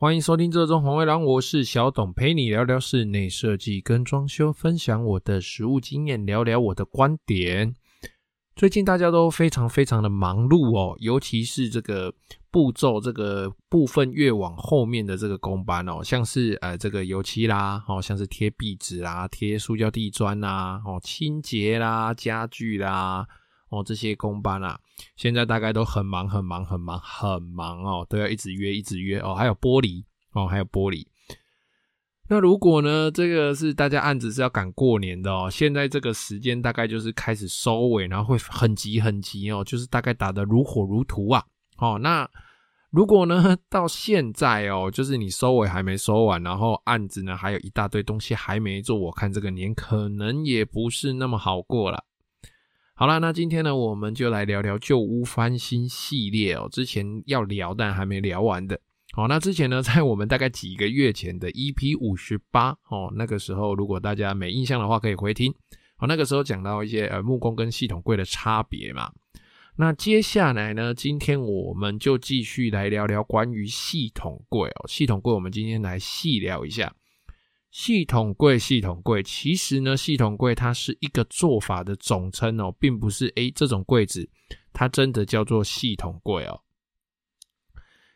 歡迎收聽《做裝潢的人》，我是小董，陪你聊聊室內設計跟裝修，分享我的實務經驗，聊聊我的觀點。最近大家都非常非常的忙碌哦，尤其是這個步驟這個部分越往後面的這個工班哦，像是呃這個油漆啦，哦像是貼壁紙啦、貼塑膠地磚啦，哦清潔啦、家具啦。哦，這些工班啊，現在大概都很忙，很忙，很忙，很忙哦，都要一直約，一直約哦。還有玻璃哦，還有玻璃。那如果呢，這個是大家案子是要趕過年的哦，現在這個時間大概就是開始收尾，然後會很急很急哦，就是大概打得如火如荼啊。哦，那如果呢，到現在哦，就是你收尾還沒收完，然後案子呢還有一大堆東西還沒做，我看這個年可能也不是那麼好過了。好啦，那今天呢，我們就來聊聊舊屋翻新系列哦。之前要聊但還沒聊完的，好、哦，那之前呢，在我們大概幾個月前的 EP 五十八哦，那個時候如果大家沒印象的話，可以回聽。好、哦，那個時候講到一些呃木工跟系統櫃的差別嘛。那接下來呢，今天我們就繼續來聊聊關於系統櫃哦，系統櫃我們今天來細聊一下。系統櫃，系統櫃，其實呢，系統櫃它是一個做法的總稱哦，並不是誒這種櫃子，它真的叫做系統櫃哦。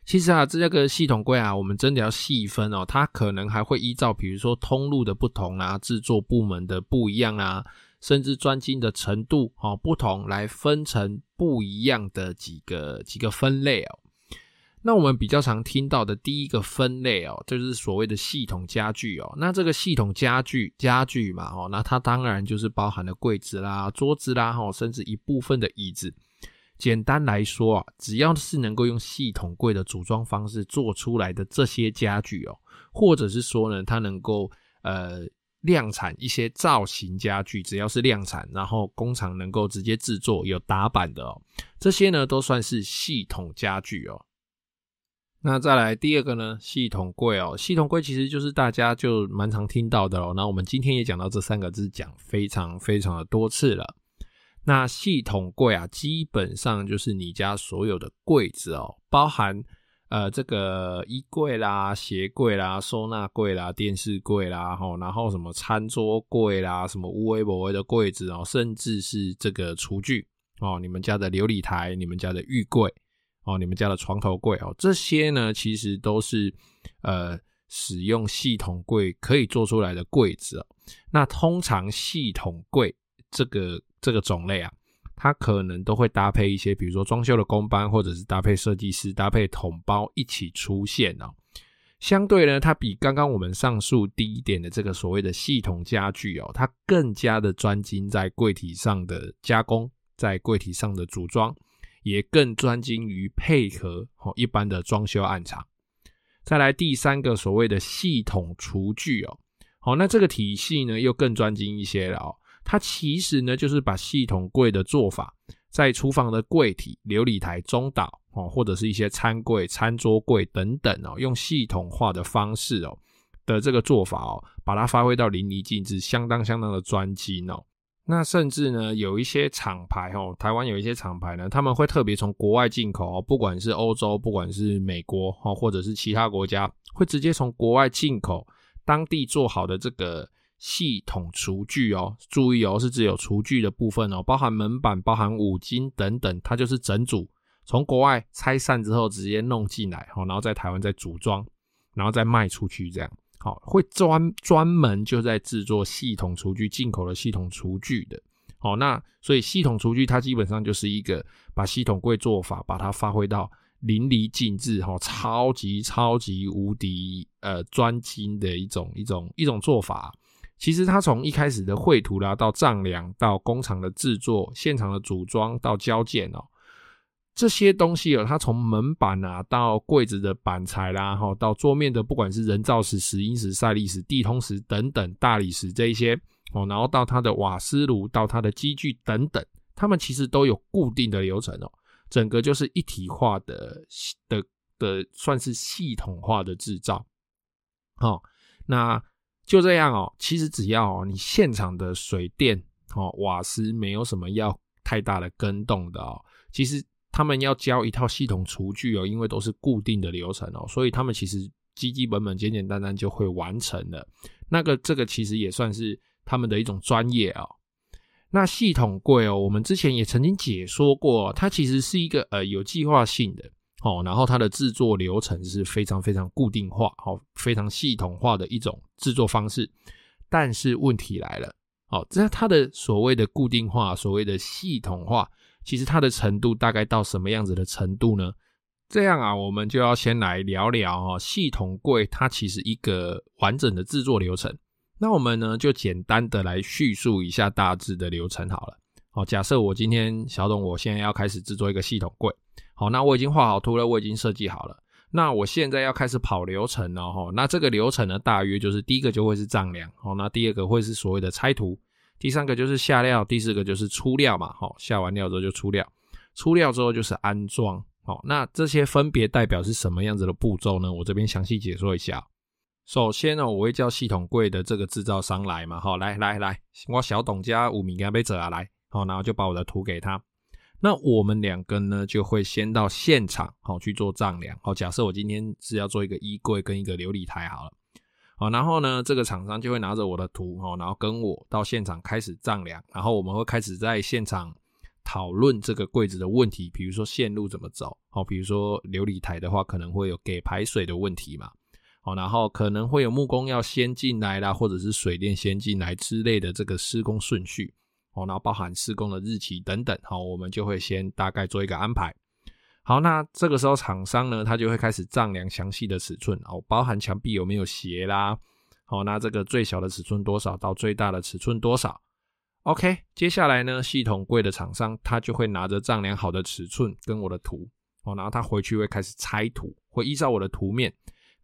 其實啊，這個系統櫃啊，我們真的要細分哦，它可能還會依照比如說通路的不同啊，制作部門的不一樣啊，甚至專精的程度哦，不同來分成不一樣的幾個幾個分類哦。那我們比較常聽到的第一個分類哦，就是所謂的系統家具哦。那這個系統家具家具嘛，哦，那它當然就是包含了櫃子啦、桌子啦，甚至一部分的椅子。簡單來說啊，只要是能夠用系統櫃的組裝方式做出來的這些家具哦，或者是說呢，它能夠呃量產一些造型家具，只要是量產，然後工廠能夠直接制作有打板的哦，這些呢都算是系統家具哦。那再來第二個呢？系統櫃哦、喔，系統櫃其實就是大家就蠻常聽到的哦，那我們今天也講到這三個字，講非常非常的多次了。那系統櫃啊，基本上就是你家所有的櫃子哦、喔，包含呃這個衣櫃啦、鞋櫃啦、收納櫃啦、電視櫃啦，吼、喔，然後什麼餐桌櫃啦、什麼烏龜博微的櫃子哦、喔，甚至是這個廚具哦、喔，你們家的流理台、你們家的浴櫃。哦，你們家的床頭櫃哦，這些呢其實都是呃使用系統櫃可以做出來的櫃子哦。那通常系統櫃這個這個種類啊，它可能都會搭配一些，比如說裝修的工班，或者是搭配設計師，搭配統包一起出現哦。相對呢，它比剛剛我們上述第一點的這個所謂的系統家具哦，它更加的專精在櫃體上的加工，在櫃體上的組裝。也更專精於配合哦，一般的裝修案場。再來第三個所謂的系統廚具哦，好，那這個體系呢又更專精一些了哦、喔。它其實呢就是把系統櫃的做法，在廚房的櫃體、流理台、中島哦，或者是一些餐櫃、餐桌櫃等等哦、喔，用系統化的方式哦、喔、的這個做法哦、喔，把它發揮到淋漓盡致，相當相當的專精哦、喔。那甚至呢，有一些廠牌哦，臺灣有一些廠牌呢，他們會特別從國外進口哦，不管是歐洲，不管是美國，或者是其他國家，會直接從國外進口當地做好的這個系統廚具哦，注意哦，是只有廚具的部分哦，包含門板、包含五金等等，它就是整組，從國外拆散之後直接弄進來，然後在臺灣再組裝，然後再賣出去這樣。好，會專專門就在製作系統廚具，進口的系統廚具的。好、哦，那所以系統廚具它基本上就是一個把系統櫃做法把它發揮到淋漓盡致，好、哦、超級超級無敵呃專精的一種一種一種，一種做法。其實它從一開始的繪圖啦，到丈量，到工廠的制作，現場的組裝，到交件哦。這些東西哦，它從門板啊，到櫃子的板材啦，哈，到桌面的，不管是人造石、石英石、賽利石、地通石等等大理石這一些哦，然後到它的瓦斯爐，到它的機具等等，它們其實都有固定的流程哦，整個就是一體化的的的，的算是系統化的制造。哦，那就這樣哦，其實只要你現場的水電哦、瓦斯沒有什麼要太大的更動的哦，其實。他們要教一套系統廚具哦，因為都是固定的流程哦，所以他們其實基基本本簡簡單單就會完成了。那個這個其實也算是他們的一種專業啊、哦。那系統櫃哦，我們之前也曾經解說過、哦，它其實是一個呃有計劃性的哦，然後它的製作流程是非常非常固定化、好、哦、非常系統化的一種製作方式。但是問題來了，哦，那它，它的所謂的固定化、所謂的系統化。其實它的程度大概到什麼樣子的程度呢？這樣啊，我們就要先來聊聊哦，系統櫃它其實一個完整的制作流程。那我們呢，就簡單的來敘述一下大致的流程好了。哦，假設我今天小董，我現在要開始制作一個系統櫃。好、哦，那我已經畫好圖了，我已經設計好了。那我現在要開始跑流程了、哦、哈、哦。那這個流程呢，大約就是第一個就會是丈量，好、哦，那第二個會是所謂的拆圖。第三個就是下料，第四個就是出料嘛，好，下完料之後就出料，出料之後就是安裝，好，那這些分別代表是什麼樣子的步驟呢？我這邊詳細解說一下。首先呢，我會叫系統櫃的這個制造商來嘛，好，來來來，我小董加武明乾杯者啊，來，好，然後就把我的圖給他。那我們兩個呢，就會先到現場，好去做丈量，好，假設我今天是要做一個衣櫃跟一個流理台，好了。然後呢，這個廠商就會拿着我的圖，哦，然後跟我到現場開始丈量，然後我們會開始在現場討論這個櫃子的問題，比如說線路怎麼走，哦，比如說流理台的話可能會有給排水的問題嘛，哦，然後可能會有木工要先進來啦，或者是水電先進來之類的這個施工順序，哦，然後包含施工的日期等等，好，我們就會先大概做一個安排。好，那這個時候廠商呢，他就會開始丈量詳細的尺寸哦，包含牆壁有沒有斜啦，好、哦，那這個最小的尺寸多少到最大的尺寸多少？OK，接下來呢，系統櫃的廠商他就會拿着丈量好的尺寸跟我的圖哦，然後他回去會開始拆圖，會依照我的圖面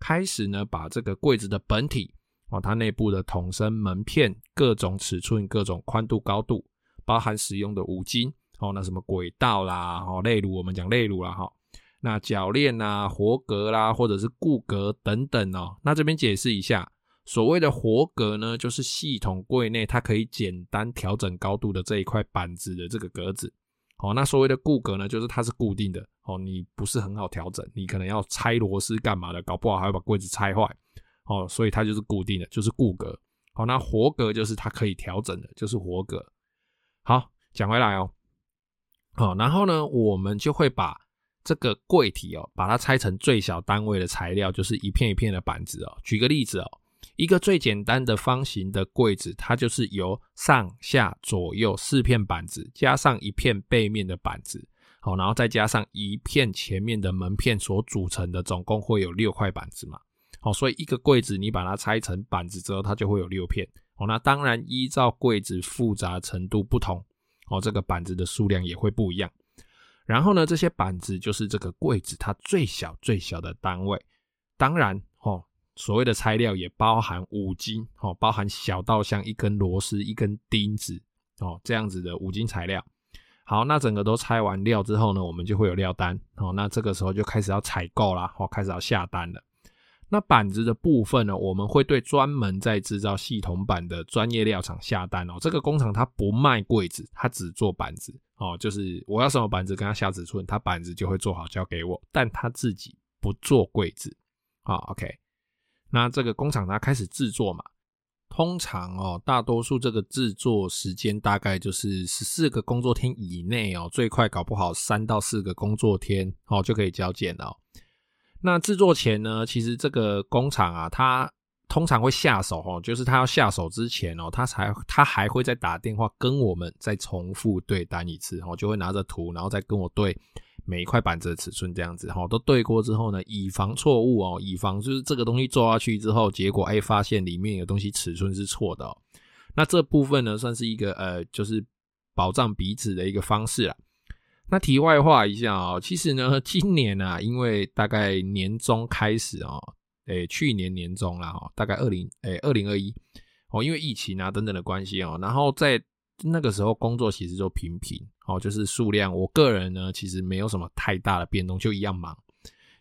開始呢，把這個櫃子的本體哦，它內部的桶身門片、各種尺寸，各種寬度、高度，包含使用的五金。哦，那什麼軌道啦，哦，內如我們講內如啦，哈、哦，那鉸鏈吶、活格啦，或者是固格等等哦。那這邊解釋一下，所謂的活格呢，就是系統櫃內它可以簡單調整高度的這一塊板子的這個格子。哦，那所謂的固格呢，就是它是固定的哦，你不是很好調整，你可能要拆螺絲幹嘛的，搞不好還要把櫃子拆壞哦，所以它就是固定的，就是固格。好、哦，那活格就是它可以調整的，就是活格。好，講回來哦。好，然後呢，我們就會把這個櫃體哦，把它拆成最小單位的材料，就是一片一片的板子哦。舉個例子哦，一個最簡單的方形的櫃子，它就是由上下左右四片板子，加上一片背面的板子，好，然後再加上一片前面的門片所組成的，總共會有六塊板子嘛。好，所以一個櫃子你把它拆成板子之後，它就會有六片。好，那當然依照櫃子複雜程度不同。哦，這個板子的數量也會不一樣。然後呢，這些板子就是這個櫃子它最小最小的單位。當然，哦，所謂的材料也包含五金，哦，包含小到像一根螺絲、一根釘子，哦，這樣子的五金材料。好，那整個都拆完料之後呢，我們就會有料單。哦，那這個時候就開始要採購啦，哦，開始要下單了。那板子的部分呢，我們會對專門在製造系統板的專業料廠下單哦。這個工廠它不賣櫃子，它只做板子哦。就是我要什麼板子，跟它下尺寸，它板子就會做好交給我，但它自己不做櫃子哦。OK，那這個工廠它開始製作嘛，通常哦，大多數這個製作時間大概就是十四個工作天以內哦，最快搞不好三到四個工作天哦就可以交件了哦。那製作前呢，其實這個工廠啊，他通常會下手哦，就是他要下手之前哦，他才他還會再打電話跟我們再重複對單一次哦，就會拿着圖，然後再跟我對每一塊板子的尺寸這樣子哈、哦，都對過之後呢，以防錯誤哦，以防就是這個東西做下去之後，結果哎發現裡面有東西尺寸是錯的、哦，那這部分呢算是一個呃，就是保障彼此的一個方式啊。那題外話一下啊、喔，其實呢，今年啊，因為大概年中開始哦、喔，誒、欸，去年年中啦、喔，大概二零誒二零二一哦，因為疫情啊等等的關係哦、喔，然後在那個時候工作其實就平平哦，就是數量，我個人呢其實沒有什麼太大的變動，就一樣忙。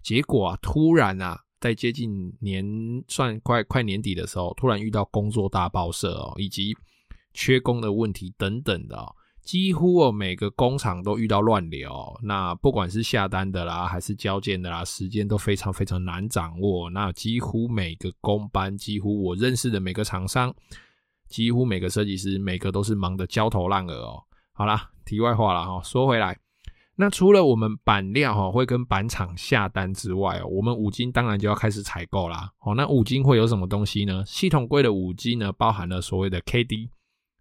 結果啊，突然啊，在接近年算快快年底的時候，突然遇到工作大爆社哦、喔，以及缺工的問題等等的、喔幾乎哦，每個工廠都遇到亂流，那不管是下單的啦，還是交件的啦，時間都非常非常難掌握。那幾乎每個工班，幾乎我認識的每個廠商，幾乎每個設計師，每個都是忙得焦頭爛額哦。好啦，題外話了哈，說回來，那除了我們板料哈會跟板廠下單之外哦，我們五金當然就要開始採購啦。哦，那五金會有什麼東西呢？系統櫃的五金呢，包含了所謂的 KD，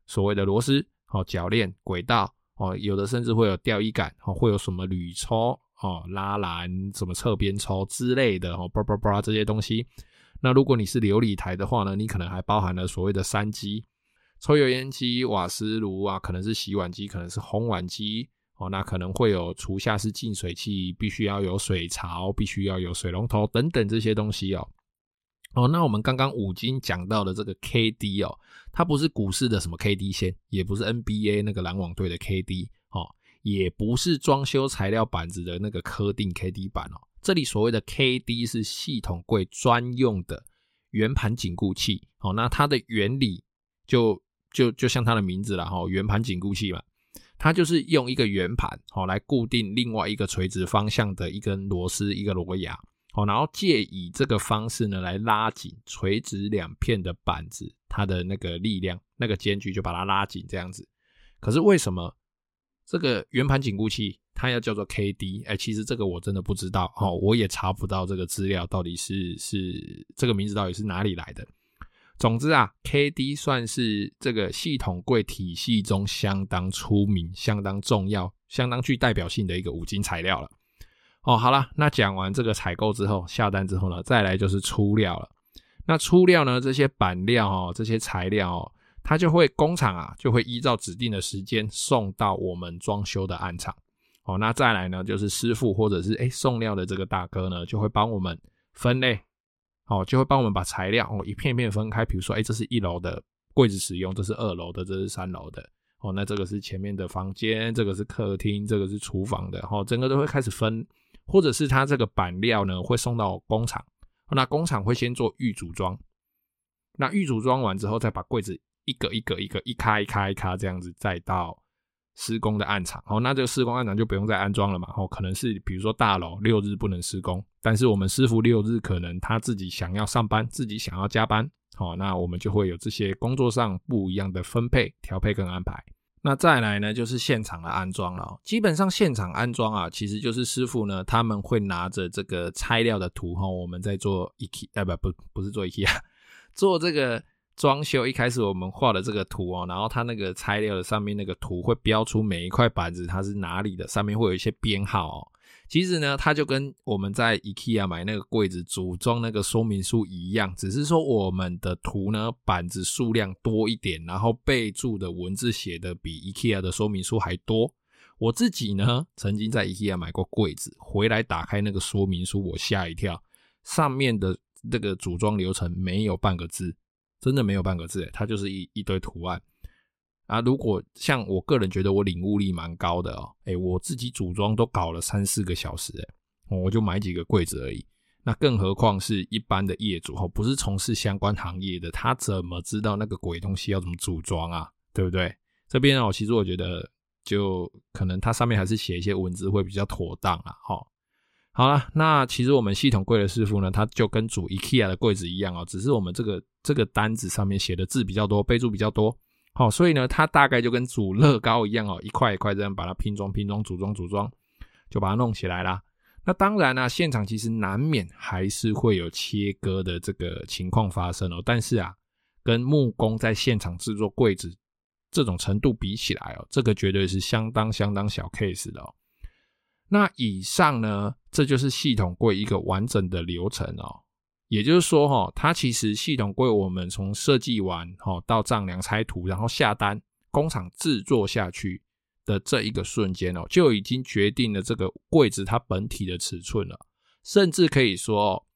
所謂的螺絲。哦，鉸鏈、軌道，哦，有的甚至會有吊衣杆，哦，會有什麼鋁抽，哦，拉籃，什麼側邊抽之類的，哦，然後吧吧吧這些東西。那如果你是流理台的話呢，你可能還包含了所謂的三機，抽油煙機、瓦斯爐啊，可能是洗碗機，可能是烘碗機，哦，那可能會有廚下式淨水器，必須要有水槽，必須要有水龍頭等等這些東西哦。哦，那我們剛剛五金講到的這個 KD 哦，它不是股市的什麼 KD 線，也不是 NBA 那個籃網隊的 KD 哦，也不是裝修材料板子的那個科定 KD 板哦。這裡所謂的 KD 是系統櫃專用的圓盤緊固器哦。那它的原理就就就像它的名字了哈、哦，圓盤緊固器嘛，它就是用一個圓盤好、哦、來固定另外一個垂直方向的一根螺絲一個螺牙。哦，然後借以這個方式呢，來拉緊垂直兩片的板子，它的那個力量、那個間距就把它拉緊，這樣子。可是為什麼這個圓盤緊固器它要叫做 KD？哎，其實這個我真的不知道，哦，我也查不到這個資料，到底是是這個名字到底是哪裡來的？總之啊，KD 算是這個系統櫃體系中相當出名、相當重要、相當具代表性的一個五金材料了。哦，好啦，那講完這個採購之後，下單之後呢，再來就是出料了。那出料呢，這些板料哦，這些材料哦，它就會工廠啊，就會依照指定的時間送到我們裝修的案場。哦，那再來呢，就是師傅或者是誒、欸、送料的這個大哥呢，就會幫我們分類，哦，就會幫我們把材料哦一片一片分開。比如說，誒、欸，這是一樓的櫃子使用，這是二樓的，這是三樓的。哦，那這個是前面的房間，這個是客廳，這個是廚房的，哦，整個都會開始分。或者是他這個板料呢，會送到工廠，那工廠會先做預組裝，那預組裝完之後，再把櫃子一個一個，一個、一個一開一開一開這樣子，再到施工的案場。哦，那這個施工案場就不用再安裝了嘛。哦，可能是比如說大樓六日不能施工，但是我們師傅六日可能他自己想要上班，自己想要加班。哦，那我們就會有這些工作上不一樣的分配、調配跟安排。那再來呢，就是現場的安裝了，哦。基本上現場安裝啊，其實就是師傅呢，他們會拿着這個拆料的圖哈、哦，我們在做 IKEA，哎不不不是做 IKEA 啊，做這個裝修一開始我們畫的這個圖哦，然後他那個拆料的上面那個圖會標出每一塊板子它是哪裡的，上面會有一些編號。哦。其實呢，它就跟我們在 IKEA 買那個櫃子組裝那個說明書一樣，只是說我們的圖呢，板子數量多一點，然後備註的文字寫的比 IKEA 的說明書還多。我自己呢，曾經在 IKEA 買過櫃子，回來打開那個說明書，我嚇一跳，上面的那個組裝流程沒有半個字，真的沒有半個字耶，它就是一一堆圖案。啊，如果像我個人覺得我領悟力蠻高的哦、喔，哎、欸，我自己組裝都搞了三四個小時，欸，我就買幾個櫃子而已。那更何況是一般的業主哈，不是從事相關行業的，他怎麼知道那個鬼東西要怎麼組裝啊？對不對？這邊哦、喔，其實我覺得就可能它上面還是寫一些文字會比較妥當啊。好，好了，那其實我們系統櫃的師傅呢，他就跟組 IKEA 的櫃子一樣哦、喔，只是我們這個這個單子上面寫的字比較多，備注比較多。好、哦，所以呢，它大概就跟組樂高一樣哦，一塊一塊這樣把它拼裝、拼裝、組裝、組裝，就把它弄起來啦。那當然啦、啊，現場其實難免還是會有切割的這個情況發生哦。但是啊，跟木工在現場制作櫃子這種程度比起來哦，這個絕對是相當相當小 case 的哦。那以上呢，這就是系統櫃一個完整的流程哦。也就是說，哈，它其實系統櫃我們從設計完，哈，到丈量拆圖，然後下單工廠制作下去的這一個瞬間哦，就已經決定了這個櫃子它本體的尺寸了。甚至可以說，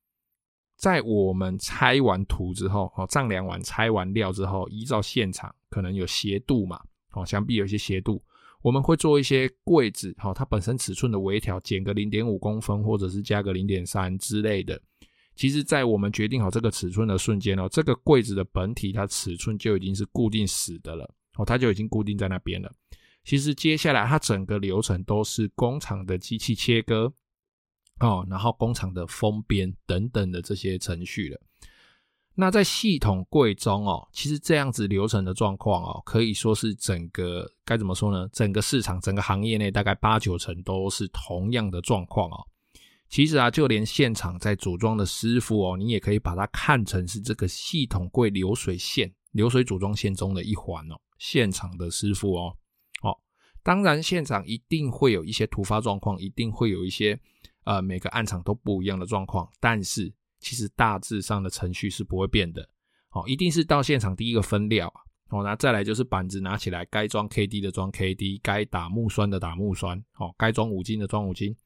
在我們拆完圖之後，哦，丈量完拆完料之後，依照現場可能有斜度嘛，哦，想必有一些斜度，我們會做一些櫃子，哈，它本身尺寸的微調，減個零點五公分，或者是加個零點三之類的。其實，在我們決定好這個尺寸的瞬間哦，這個櫃子的本體它尺寸就已經是固定死的了哦，它就已經固定在那邊了。其實接下來它整個流程都是工廠的機器切割哦，然後工廠的封邊等等的這些程序了。那在系統櫃中哦，其實這樣子流程的狀況哦，可以說是整個該怎麼說呢？整個市場整個行業內大概八九成都是同樣的狀況哦。其實啊，就連現場在組裝的師傅哦，你也可以把它看成是這個系統櫃流水線、流水組裝線中的一環哦。現場的師傅哦，哦，當然現場一定會有一些突發狀況，一定會有一些呃每個案場都不一樣的狀況，但是其實大致上的程序是不會變的。哦，一定是到現場第一個分料哦，那再來就是板子拿起來，該裝 KD 的裝 KD，該打木栓的打木栓，哦，該裝五金的裝五金。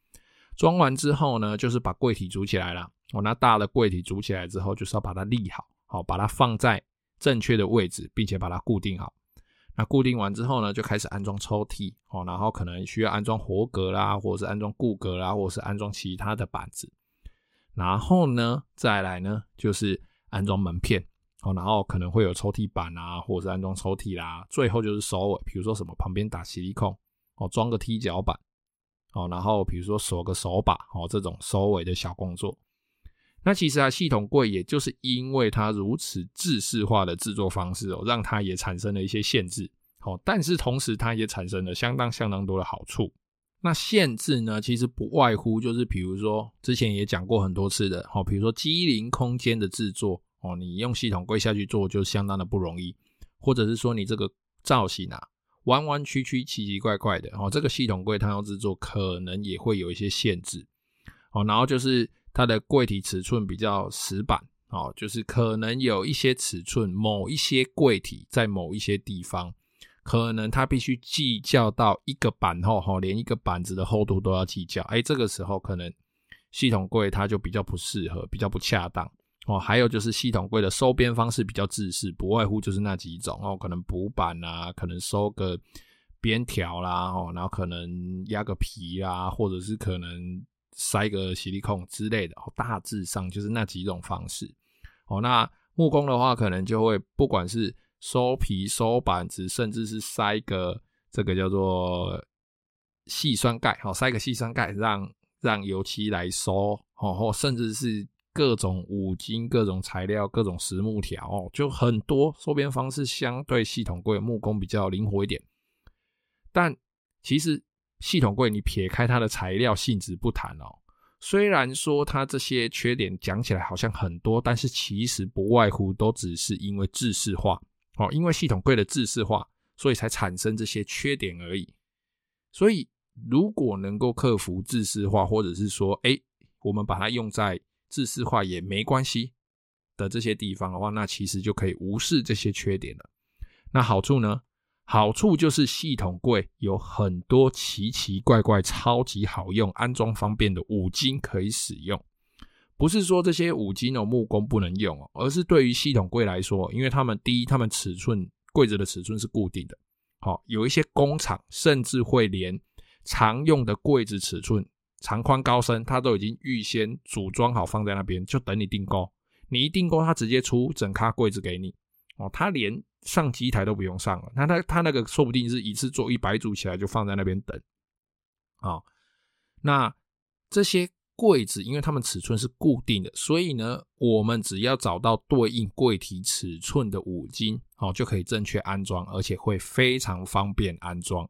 裝完之後呢，就是把櫃體組起來了。我、哦、那大的櫃體組起來之後，就是要把它立好，好、哦、把它放在正確的位置，並且把它固定好。那固定完之後呢，就開始安裝抽屜哦，然後可能需要安裝活格啦，或者是安裝固格啦，或者是安裝其他的板子。然後呢，再來呢，就是安裝門片哦，然後可能會有抽屜板啊，或者是安裝抽屜啦。最後就是收尾，比如說什麼旁邊打矽利康哦，裝個踢腳板。哦，然後比如說鎖個手把，哦，這種收尾的小工作，那其實啊，系統櫃也就是因為它如此制式化的制作方式哦，讓它也產生了一些限制。好、哦，但是同時它也產生了相當相當多的好處。那限制呢，其實不外乎就是比如說之前也講過很多次的，哦，比如說機靈空間的制作，哦，你用系統櫃下去做就相當的不容易，或者是說你這個造型啊。彎彎曲曲、奇奇怪怪的哦，這個系統櫃它要制作，可能也會有一些限制哦。然後就是它的櫃體尺寸比較死板哦，就是可能有一些尺寸，某一些櫃體在某一些地方，可能它必須計較到一個板厚哈，連一個板子的厚度都要計較。哎，這個時候可能系統櫃它就比較不適合，比較不恰當。哦，還有就是系統櫃的收邊方式比較制式，不外乎就是那幾種哦，可能補板啊，可能收個邊條啦，哦，然後可能壓個皮啦、啊，或者是可能塞個矽利康之類的。哦，大致上就是那幾種方式。哦，那木工的話，可能就會不管是收皮、收板子，甚至是塞個這個叫做矽酸鈣，哦，塞個矽酸鈣，讓讓油漆來收，哦，或甚至是。各種五金、各種材料、各種實木條，就很多收邊方式。相對系統櫃，木工比較靈活一點。但其實系統櫃你撇開它的材料性質不談哦。雖然說它這些缺點講起來好像很多，但是其實不外乎都只是因為製式化哦，因為系統櫃的製式化，所以才產生這些缺點而已。所以，如果能夠克服製式化，或者是說，誒、欸，我們把它用在。自私化也沒關係的這些地方的話，那其實就可以無視這些缺點了。那好處呢？好處就是系統櫃有很多奇奇怪怪、超級好用、安裝方便的五金可以使用。不是說這些五金哦，木工不能用哦，而是對於系統櫃來說，因為他們第一，他們尺寸，櫃子的尺寸是固定的。好，有一些工廠甚至會連常用的櫃子尺寸。長寬高深，它都已經預先組裝好，放在那邊，就等你訂購。你一訂購，它直接出整咖櫃子給你哦。它連上機台都不用上了。那它他，他那個說不定是一次做一百組起來，就放在那邊等啊，哦。那這些櫃子，因為它們尺寸是固定的，所以呢，我們只要找到對應櫃體尺寸的五金哦，就可以正確安裝，而且會非常方便安裝。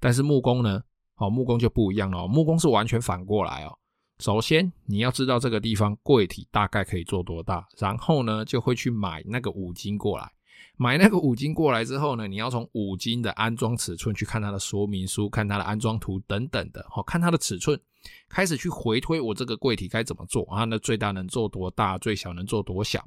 但是木工呢？哦，木工就不一樣了哦，木工是完全反過來哦。首先你要知道這個地方櫃體大概可以做多大，然後呢，就會去買那個五金過來，買那個五金過來之後呢，你要從五金的安裝尺寸去看它的說明書，看它的安裝圖等等的，哦，看它的尺寸，開始去回推我這個櫃體該怎麼做啊？那最大能做多大，最小能做多小。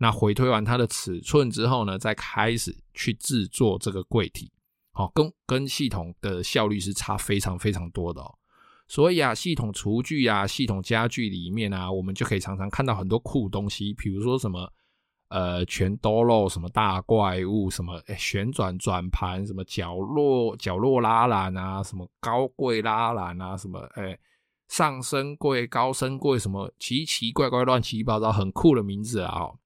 那回推完它的尺寸之後呢，再開始去制作這個櫃體。哦，跟跟系統的效率是差非常非常多的哦，所以啊，系統廚具啊，系統家具裡面啊，我們就可以常常看到很多酷東西，比如說什麼呃全多肉，什麼大怪物，什麼誒旋轉轉盤，什麼角落角落拉籃啊，什麼高櫃拉籃啊，什麼哎上升櫃高升櫃，什麼奇奇怪怪亂七八糟很酷的名字啊，哦，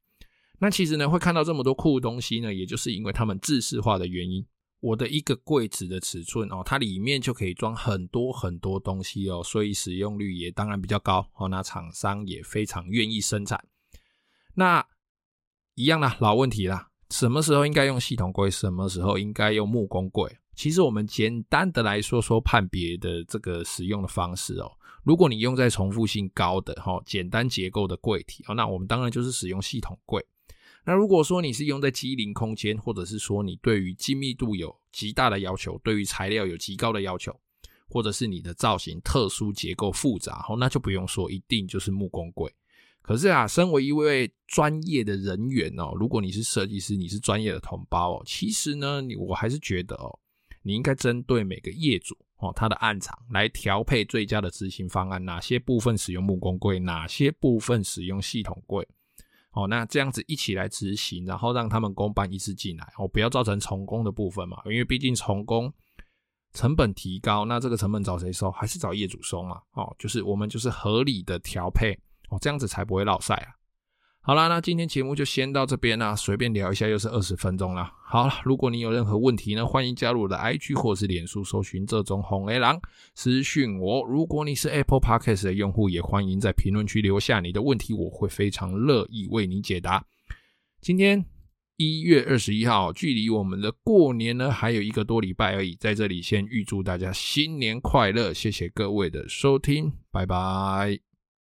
那其實呢，會看到這麼多酷東西呢，也就是因為他們制式化的原因。我的一個櫃子的尺寸哦，它裡面就可以裝很多很多東西哦，所以使用率也當然比較高哦。那廠商也非常願意生產。那一樣啦，老問題啦，什麼時候應該用系統櫃，什麼時候應該用木工櫃？其實我們簡單的來說說判別的這個使用的方式哦。如果你用在重複性高的、哈、哦、簡單結構的櫃體哦，那我們當然就是使用系統櫃。那如果說你是用在畸零空間，或者是說你對於精密度有極大的要求，對於材料有極高的要求，或者是你的造型特殊，結構複雜，哦，那就不用說，一定就是木工櫃。可是啊，身為一位專業的人員哦，如果你是設計師，你是專業的同胞哦，其實呢，我還是覺得哦，你應該針對每個業主哦，他的案場來調配最佳的執行方案，哪些部分使用木工櫃，哪些部分使用系統櫃。哦，那這樣子一起來執行，然後讓他們公辦一次進來，哦，不要造成重工的部分嘛，因為畢竟重工成本提高，那這個成本找誰收？還是找業主收嘛。哦，就是我們就是合理的調配，哦，這樣子才不會落賽啊。好啦，那今天節目就先到這邊啦，啊，隨便聊一下，又是二十分鐘啦。好啦，如果你有任何問題呢，歡迎加入我的 IG 或是臉書，搜尋“做裝潢的人”私訊我。如果你是 Apple Podcast 的用戶，也歡迎在評論區留下你的問題，我會非常樂意為你解答。今天一月二十一號，距離我們的過年呢還有一個多禮拜而已，在這裡先預祝大家新年快樂！謝謝各位的收聽，拜拜。